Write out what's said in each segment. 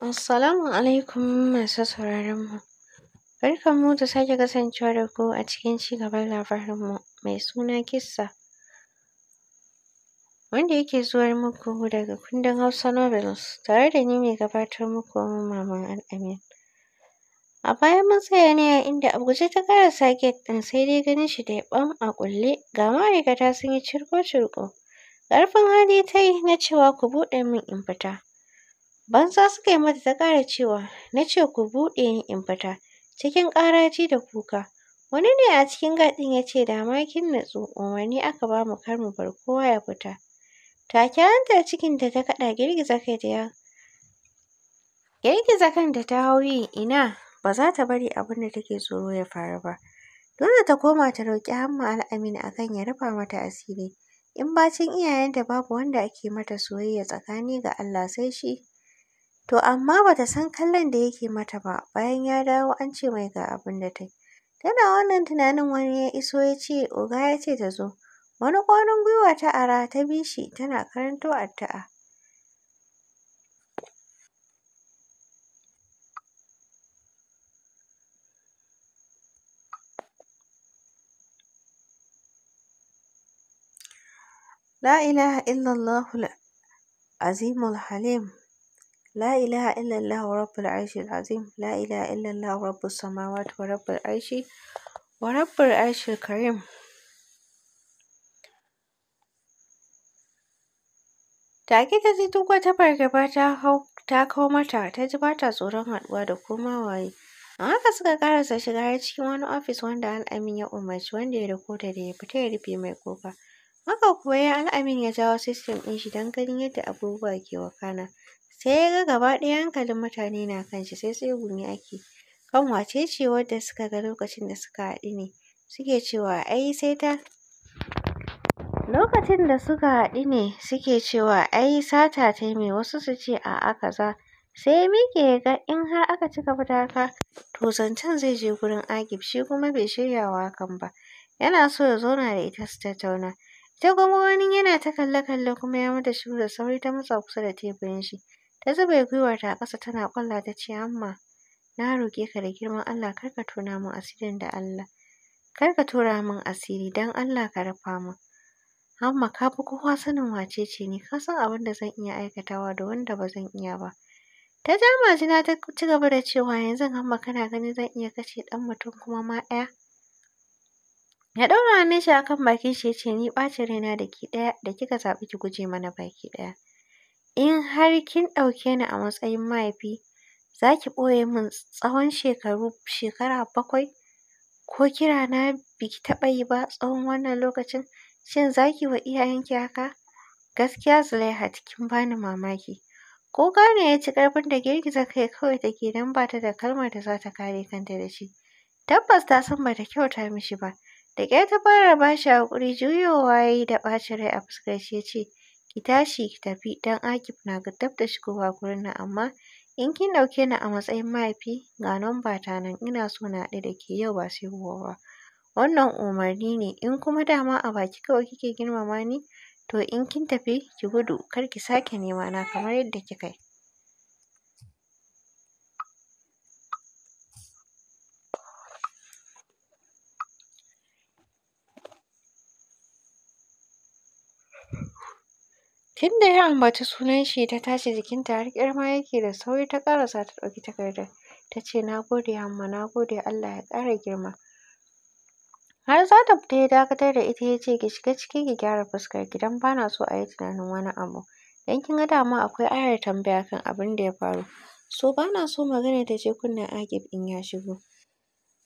Assalamu alaikum masu sauraron mu. Barkan mu da sake kasancewa da ku a cikin ci gaban labarin mu mai suna kissa. Wanda yake zuwar muku daga kundin Hausa Novels tare da ni mai gabatar muku Maman Al-Amin. A baya mun tsaya ne a inda Abuja ta karasa gate ɗin sai dai ganin shi da ya ɓan a kulle ga ma'aikata sun yi cirko-cirko. Ƙarfin hali ta yi na cewa ku buɗe min in fita. Banza suka yi mata ta ƙara cewa, na ce ku buɗe ni in fita, cikin ƙaraji da kuka. Wani ne a cikin gaɗin ya ce da ma kin natsu, umarni aka ba mu kar mu bar kowa ya fita. Take hantar cikinta ta kaɗa girgiza kai ta ya girgiza kanta ta hau yi ina ba za ta bari abin da take tsoro ya faru ba. Dole ta koma ta roƙi Hamma a akan ya rufa mata asiri. In bacin iyayenta babu wanda ake mata soyayya tsakani ga Allah sai shi. To amma bata san kallon da yake mata ba, bayan ya dawo an ce mai ga abin da ta yi. Tana wannan tunanin wani ya iso ya ce, oga ya ce ta zo. Wani ƙwarin gwiwa ta ara ta bi shi tana karanto addu'a. La ilaha illallahul azimul halim. La ilaha illallah rabbul arshil azim. La ilaha illallah rabbus samawati wa rabbul arshi wa rabbul arshil karim. Take ta ji duk wata fargaba ta hau ta kawo mata ta ji ba ta tsoron haɗuwa da kuma waye. An haka suka karasa shiga har cikin wani ofis wanda al'amin ya umarci wanda ya rikota da ya fita ya rufe mai kofa. Haka kuwa ya al'amin ya jawo sistem ɗin shi don ganin yadda abubuwa ke wakana. Sai ya ga gaba ɗaya hankalin mutane na kan shi sai gumi ake. Kan wace ce wadda suka ga lokacin da suka haɗu ne? Suke cewa ai sai ta Lokacin da suka haɗu ne suke cewa ai sata ta mai wasu su ce a'a kaza. Sai ya miƙe ya ga in har aka ci gaba da haka to zancen zai je gurin Agib shi kuma bai shirya wa hakan ba. Yana so ya zauna da ita su tattauna. Ita kuma wani yana ta kalle-kalle kuma ya mata shiru da sauri ta matsa kusa da teburin shi. Ta zube gwiwar a ƙasa tana ƙwalla ta ce, Amma, na roƙe ka da girman Allah kar ka tona min asirin da Allah. Kar ka tura min asiri dan Allah ka rufa mu Amma ka fi kowa sanin wace ce ni, ka san abin da zan iya aikatawa da wanda ba zan iya ba. Ta ja majina ta ci gaba da cewa yanzu Amma kana ganin zan iya kashe ɗan mutum kuma ma ɗaya. Ya ɗaura hannun shi akan bakin shi ya ce ni ɓacin raina da ki ɗaya da kika zaɓi ki guje mana baki ɗaya. in har kin ɗauke ni a matsayin mahaifi, za ki ɓoye min tsawon shekara bakwai? Ko kira na bi ki taɓa ba tsawon wannan lokacin? Shin za ki wa iyayenki haka? Gaskiya Zulaihat kin bani mamaki. ko ne ya ci ƙarfin da girgiza kai kawai take don ba ta da kalmar da za ta kare kanta da shi. Tabbas ta san ba ta kyauta mishi ba. Da ƙyar ta fara ba shi haƙuri juyowa ya yi da ɓacin rai a fuskar shi ya ce, ki tashi ki tafi dan Akif na dab da shigowa gurin nan amma in kin ɗauke ni a matsayin mahaifi ga ta nan ina so na hade da ke yau ba sai gobe ba. Wannan umarni ne in kuma dama a baki kawai kike girmama ni to in kin tafi ki gudu kar ki sake nema na kamar yadda kika yi. Tun da ya ambaci sunan shi ta tashi jikinta har kirma yake da sauri ta ƙarasa ta ɗauki takardar. Ta ce na gode Hamma na gode Allah ya ƙara girma. Har za ta fita ya dakatar da ita ya ce ki shiga ciki ki gyara fuskar gidan don ba na so a yi tunanin wani abu. Don kin ga dama akwai ayar tambaya kan abin da ya faru. So ba na so magana ta je kunnen Agib in ya shigo.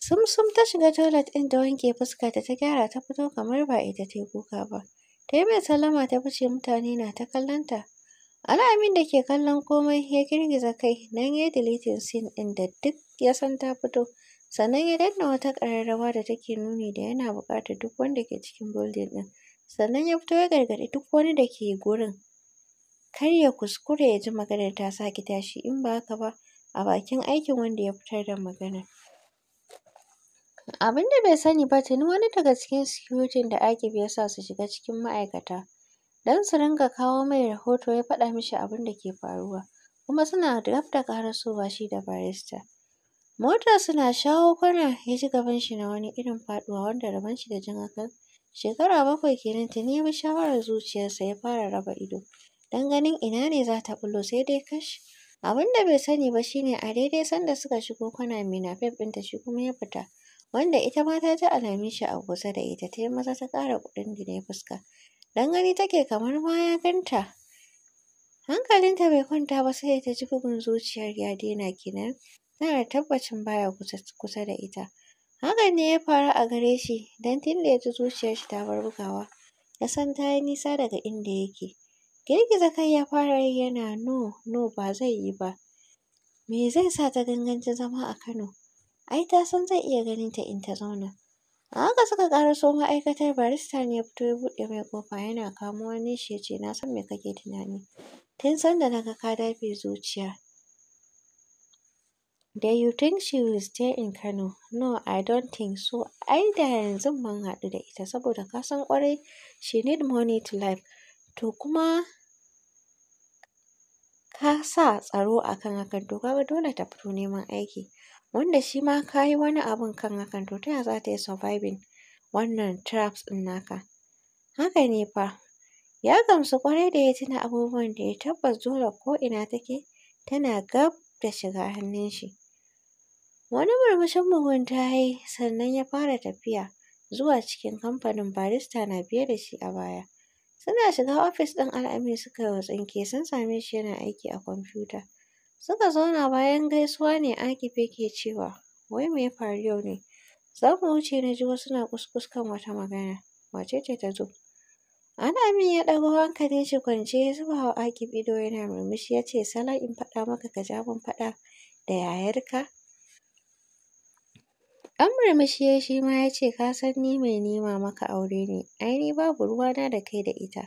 Sumsum ta shiga toilet ɗin da wanke fuska ta ta gyara ta fito kamar ba ita ta yi kuka ba. Ta yi mai sallama ta fice mutane na ta kallonta. Al'amin da ke kallon komai ya girgiza kai nan ya deleting scene ɗin da duk ya san ta fito. Sannan ya danna wata ƙararrawa da take nuni da yana buƙatar duk wanda ke cikin building ɗin. Sannan ya fito ya gargaɗi duk wani da ke gurin kar ya kuskure ya ji maganar ta sake tashi in ba haka ba a bakin aikin wanda ya fitar da maganar. Abin da bai sani ba tuni wani daga cikin sikuritin da Agib ya sa su shiga cikin ma'aikata don su ringa kawo mai rahoto ya faɗa mishi abin da ke faruwa kuma suna gab da ƙarasowa shi da barista. Mota suna shawo kwana ya ji gaban shi na wani irin faɗuwa wanda rabon shi da jin hakan shekara bakwai kenan tuni ya bi shawarar zuciyarsa ya fara raba ido don ganin ina ne za ta ɓullo sai dai kash. Abin da bai sani ba shine ne a daidai sanda suka shigo kwana mai na fef ɗinta shi kuma ya fita. wanda ita ma ta ji alamin shi a kusa da ita ta yi maza ta ƙara kuɗin da ya fuska dan gani take kamar ma ya ganta hankalinta bai kwanta ba sai ta ji bugun zuciyar ya daina kenan tana da tabbacin baya kusa da ita hakan ne ya faru a gare shi don tun da ya ji zuciyar shi ta bar bugawa ya san ta yi nisa daga inda yake girgiza kai ya fara yi yana no no ba zai yi ba me zai sa ta ganganci zama a Kano ai ta san zai iya ganin ta in ta zauna. A haka suka ƙaraso ma'aikatar barista ne ya fito ya buɗe mai kofa yana kamo wani shi ya ce na san me kake tunani tun sanda na ga ka dafe zuciya. Do you think she will stay in Kano? No, I don't think so. Ai da yanzu mun haɗu da ita saboda ka san ƙwarai she need money to live. To kuma ka sa tsaro akan kan hakan to ka dole ta fito neman aiki. wanda shi ma ka yi wani abun kan hakan to ta ya za ta yi surviving wannan traps ɗin naka. Haka ne fa. Ya gamsu ƙwarai da ya tuna abubuwan da ya tabbas dole ko'ina take tana gab da shiga hannun shi. Wani murmushin mugunta ya yi sannan ya fara tafiya zuwa cikin kamfanin barista na biye da shi a baya. Suna shiga ofis ɗin Al'amin suka yi tsinke sun same shi yana aiki a kwamfuta. Suka zauna bayan gaisuwa ne Akif yake cewa, wai me ya faru yau ne? Za mu wuce na ji wasu na kuskuskan wata magana. Wace ce ta zo? Ana min ya ɗago hankalin shi kwance ya zuba wa Akif ido yana murmushi ya ce, salon in faɗa maka ka ja mun faɗa da yayarka? An murmushi ya shi ma ya ce, ka san ni mai nema maka aure ne, ai ni babu ruwana da kai da ita.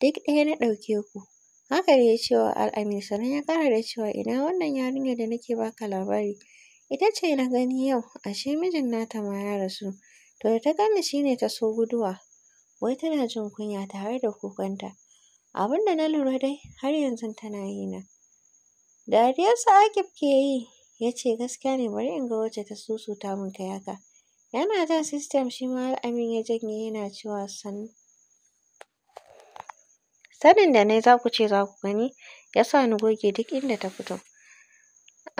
Duk ɗaya na ɗauke ku, Haka dai ya ce Al'amin sannan ya ƙara da cewa ina wannan yarinyar da nake baka labari ita ce na gani yau ashe mijin nata ma ya rasu to da ta ganni shi ne ta so guduwa wai tana jin kunya tare da kukanta abin da na lura dai har yanzu tana yi dariyar Dariyarsa Akif keyi yi ya ce gaskiya ne bari in ga wacce ta susuta min kai haka. Yana jan sistem shima Al'amin ya janye yana cewa san Sanin da na yi za ku ce za ku gani ya sa ni goge duk inda ta fito.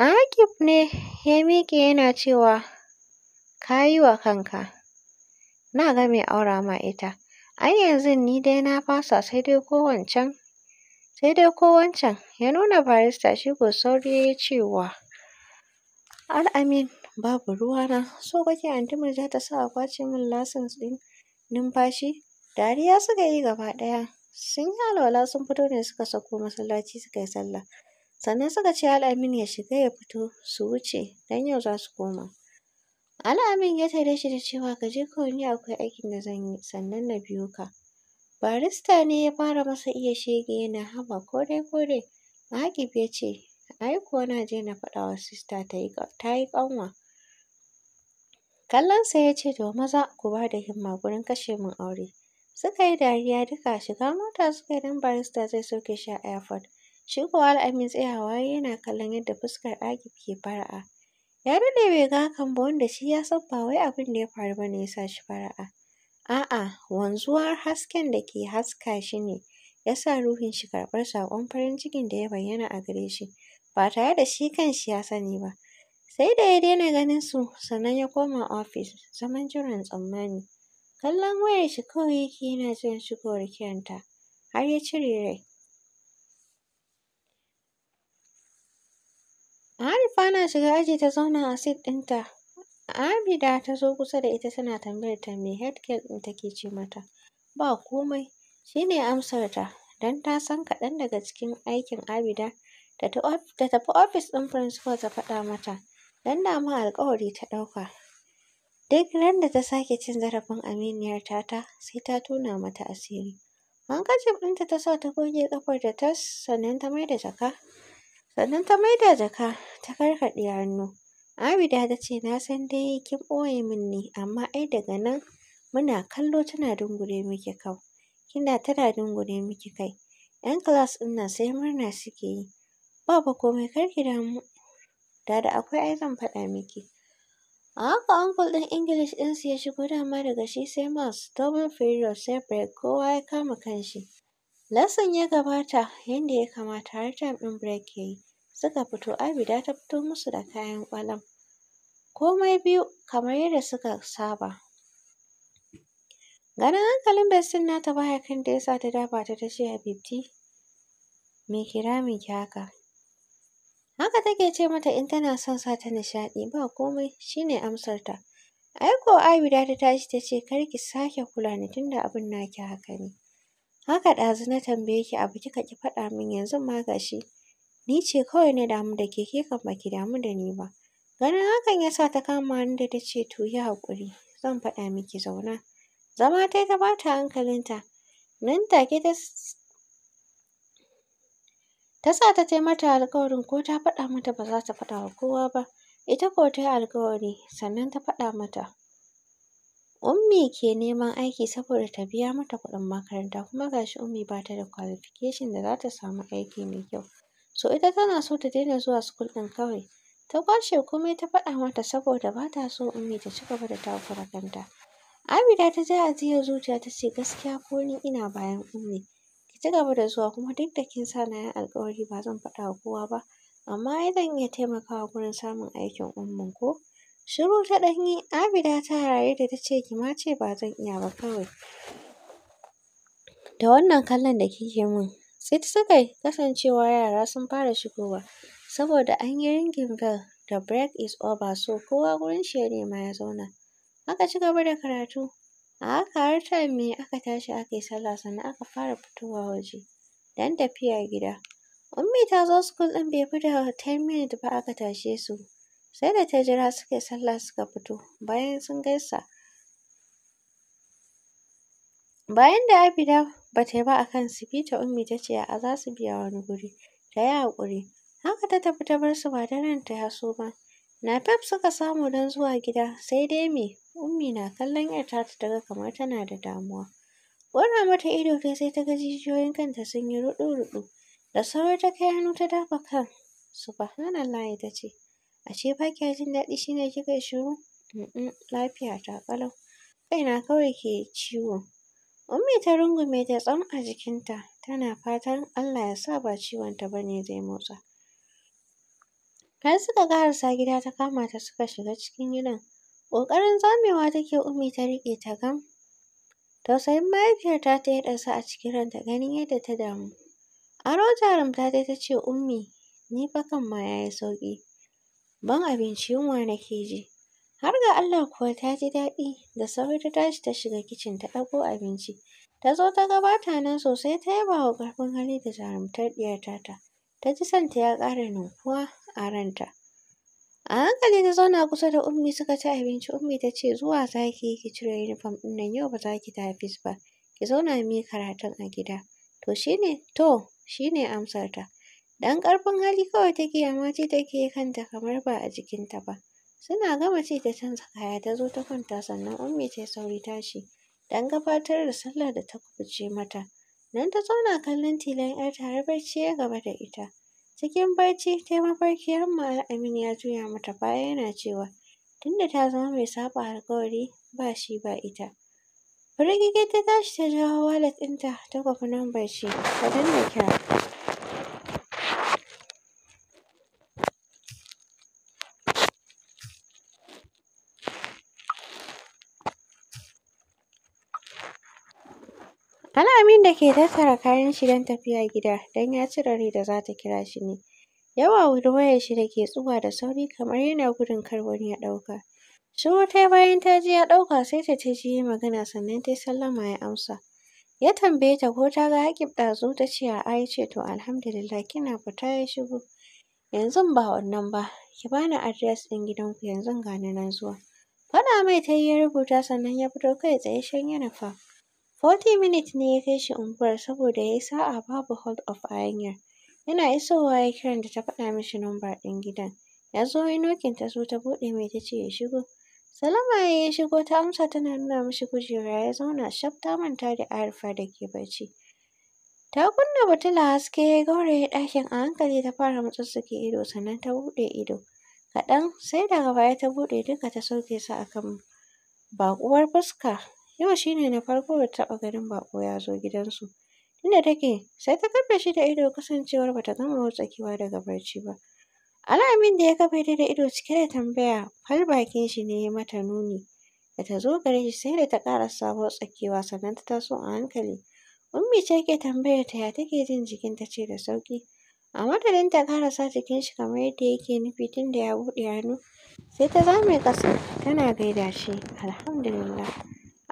Akif ne ya miƙe yana cewa ka yi wa kanka. Na ga mai aura ma ita. Ai yanzu ni dai na fasa sai dai ko wancan. Sai dai ko wancan ya nuna barista shi ko sauri ya cewa Al'amin babu ruwa na, so kake anti za ta sa a ƙwace min lasins ɗin numfashi. Dariya suka yi gaba ɗaya. sun yi alwala sun fito ne suka sako masallaci suka yi sallah sannan suka ce al'amin ya shiga ya fito su wuce dan yau za su koma al'amin ya tare shi da cewa ka je kawai ni akwai aikin da zan yi sannan na biyo ka barista ne ya fara masa iya shege yana haba kore kore mahagib ya ce ai kuwa na je na faɗa wa sista ta yi ƙanwa Kallon kallonsa ya ce to maza ku ba da himma gurin kashe min aure Suka yi dariya duka shiga mota suka yi don barista zai sauke shi a airport. Shi kuwa al'amin tsayawa yana kallon yadda fuskar Agib ke fara'a. Ya daɗe bai ga hakan ba wanda shi ya san ba wai abin da ya faru ba ne ya sa shi fara'a. A'a, wanzuwar hasken da ke haska shi ne ya sa ruhin shi karɓar saƙon farin cikin da ya bayyana a gare shi ba tare da shi kanshi ya sani ba. Sai da ya daina ganin su sannan ya koma ofis zaman jiran tsammani. Kallon wayar shi kawai yake yana jiran shigowar kiranta, har ya cire rai. Arifa na shiga aji ta zauna a seat ɗinta. Abida ta zo kusa da ita tana tambayar ta me in ɗin take ce mata. Ba komai, shi ne amsar ta, don ta san kaɗan daga cikin aikin Abida da tafi ofis ɗin principal ta faɗa mata, don dama alƙawari ta ɗauka. Duk ran da ta sake cin zarafin aminiyar tata sai ta tona mata asiri. Hankacif ɗinta ta sa ta goge ƙafar da tas sannan ta maida jaka. Sannan ta maida jaka ta karkaɗe hannu. Abida ta ce na san dai kin ɓoye min ne amma ai daga nan muna kallo tana dungure miki kau. Kina tana dungure miki kai. 'Yan kilas ɗin nan sai murna suke yi. Ba fa komai kar ki damu. Da da akwai ai zan faɗa miki. A haka uncle ɗin English ɗinsu ya shigo dama daga shi sai Mars, double period sai break kowa ya kama kanshi. Lesson ya gabata yadda ya kamata har time ɗin break ya yi. Suka fito Abida ta fito musu da kayan ƙwalam. Komai biyu kamar yadda suka saba. Ganin hankalin Bestin nata baya kan da ya sa ta dafa ta ta a Habibti me kira miki haka? Haka take ce mata in tana son sa ta nishaɗi ba komai shi ne amsarta. Aiko Abida ta tashi ta ce kar ki sake kula ni tunda abin naki haka ne. Haka ɗazu na tambaye ki abu kika ki faɗa min yanzu ma gashi. Ni ce kawai na damu da ke ke kan baki damu da ni ba. Ganin hakan ya sa ta kama hannu da ta ce to yi haƙuri zan faɗa miki zauna. Zama tai ta bata hankalinta. Nan take ta ta sa ta tai mata alƙawarin ko ta faɗa mata ba za ta faɗa wa kowa ba ita ko ta yi alƙawari sannan ta faɗa mata ummi ke neman aiki saboda ta biya mata kuɗin makaranta kuma ga shi ummi ba ta da qualification da za ta samu aiki mai kyau so ita tana so ta daina zuwa school ɗin kawai ta kwashe komai ta faɗa mata saboda ba ta so ummi ta ci gaba da takura kanta Abida ta ji ajiyar zuciya ta ce gaskiya ko ni ina bayan ummi ci gaba da zuwa kuma duk da kin sa na yi alƙawari ba zan faɗa wa kowa ba, amma zan iya taimakawa gurin samun aikin Ummin ko? Shiru ta ɗan yi, Abida ta raye-raye da ta ce ki ma ce ba zan iya ba kawai. Da wannan kallon da kike min, Sai ta saka kasancewa yara sun fara shigowa saboda an yi ringin bell da break is over so kowa gurin shi ya nema ya zauna. haka ci gaba da karatu. A haka har ta aka tashi aka sallah sannan aka fara fitowa waje dan tafiya gida. Ummi ta zo school din bai fi da ten minutes ba aka tashe su. Sai da ta jira suke sallah suka fito bayan sun gaisa. Bayan da Abida ba ba a kan su Bita Ummi ta ce a'a za su biya wani guri tayi yi haƙuri. Haka ta tafi ta bar su ba da ta ya ba. Napep suka samu don zuwa gida sai dai me Ummi na kallon ‘yar tata ta daga kamar tana da damuwa. Wannan mata ido tai sai ta ga jijiyoyin kanta sun yi ruɗu-ruɗu. Da sauri ta kai hannu ta dafa kan. Subhanallah ta ce, ashe ba kya jin daɗi shi ne kika yi shiru? Um lafiya ta ƙalau. Kaina kawai ke ciwo. Ummi ta rungume ta tsam a jikinta, tana fatan Allah ya sa ba ciwon ta ba ne zai motsa. Kai suka karasa gida ta kama ta suka shiga cikin gidan. Ƙoƙarin zamewa take Ummi ta riƙe ta gam. Tausayin mahaifiyarta ta yi ɗarsa a cikin ranta ganin yadda ta damu. Aro jarumta ta ta ce Ummi ni fa kan ma ya yi sauƙi. Ban abinci yunwa nake ji. Har ga Allah kuwa ta ji daɗi da sauri ta tashi ta shiga kicin ta ɗauko abinci. Ta zo ta gabata nan sosai ta yaba wa ƙarfin hali da jarumtar ɗiyar ta Ta ji santa ya ƙara nunfuwa a ranta. A hankali na zauna kusa da Ummi suka ci abinci. Ummi ta ce zuwa za ki yi ki cire yunifom ɗin nan yau ba za ki tafi ba. Ki zauna mu karatun a gida. To shi ne, to shi ne amsarta. Dan ƙarfin hali kawai take amma ce take kanta kamar ba a jikinta ba. Suna gama ci ta canza kaya ta zo ta kwanta sannan Ummi ta sauri tashi don gabatar da sallah da ta kubuce mata. Nan ta zauna kallon tilon 'yarta har barci ya gaba da ita. Cikin barci ta yi mafarki Aminu ya juya mata baya yana cewa tunda ta zama mai saɓa alƙawari ba shi ba ita. Firgige ta tashi ta jawo walat ɗinta ta kwafi nan shi ta danna kira. ke tattara kayan shi don tafiya gida don ya cire rai da za ta kira shi ne. Yawa wuri shi da ke tsuwa da sauri kamar yana gudun kar wani ya ɗauka. Shiru ta bayan ta ji ya ɗauka sai ta ji shi magana sannan ta sallama ya amsa. Ya tambaye ta ko ta ga ɗazu ta ce a yace to alhamdulillah kina fita ya shigo. Yanzu ba wannan ba, ki bani adres ɗin gidanku yanzu ga ni nan zuwa. Faɗa mai ta yi ya rubuta sannan ya fito kai tsaye shan yana fa. Forty minutes ne ya kai shi unguwar saboda ya yi sa'a babu hold up a hanyar. Yana isowa ya kiran da ta faɗa mishi nomba ɗin gidan. Ya zo ya nokin ta zo ta buɗe mai ta ce ya shigo. Salama ya yi shigo ta amsa tana nuna mishi kujera ya zauna shaf ta manta da Arifa da ke bacci. Ta kunna batula haske ya gauraye ɗakin a hankali ta fara mutsutsuke ido sannan ta buɗe ido. Kaɗan sai daga baya ta buɗe duka ta sauke su a kan baƙuwar fuska. Yau shi ne na farko da taɓa ganin baƙo ya zo gidansu. Inda take, sai ta kafe shi da ido kasancewar ba ta gama wartsakewa daga barci ba. Al'amin da ya kafe ta da ido cike da tambaya, fal bakin shi ne ya mata nuni. Da ta zo gare shi sai da ta ƙara sabuwar tsakiwa sannan ta taso a hankali. Ummi ce ke tambayar ta ya take jin jikin ta ce da sauƙi. A madadin ta ƙarasa jikin shi kamar yadda yake nufi tunda ya buɗe hannu, sai ta zame ƙasa tana gaida shi, alhamdulillah.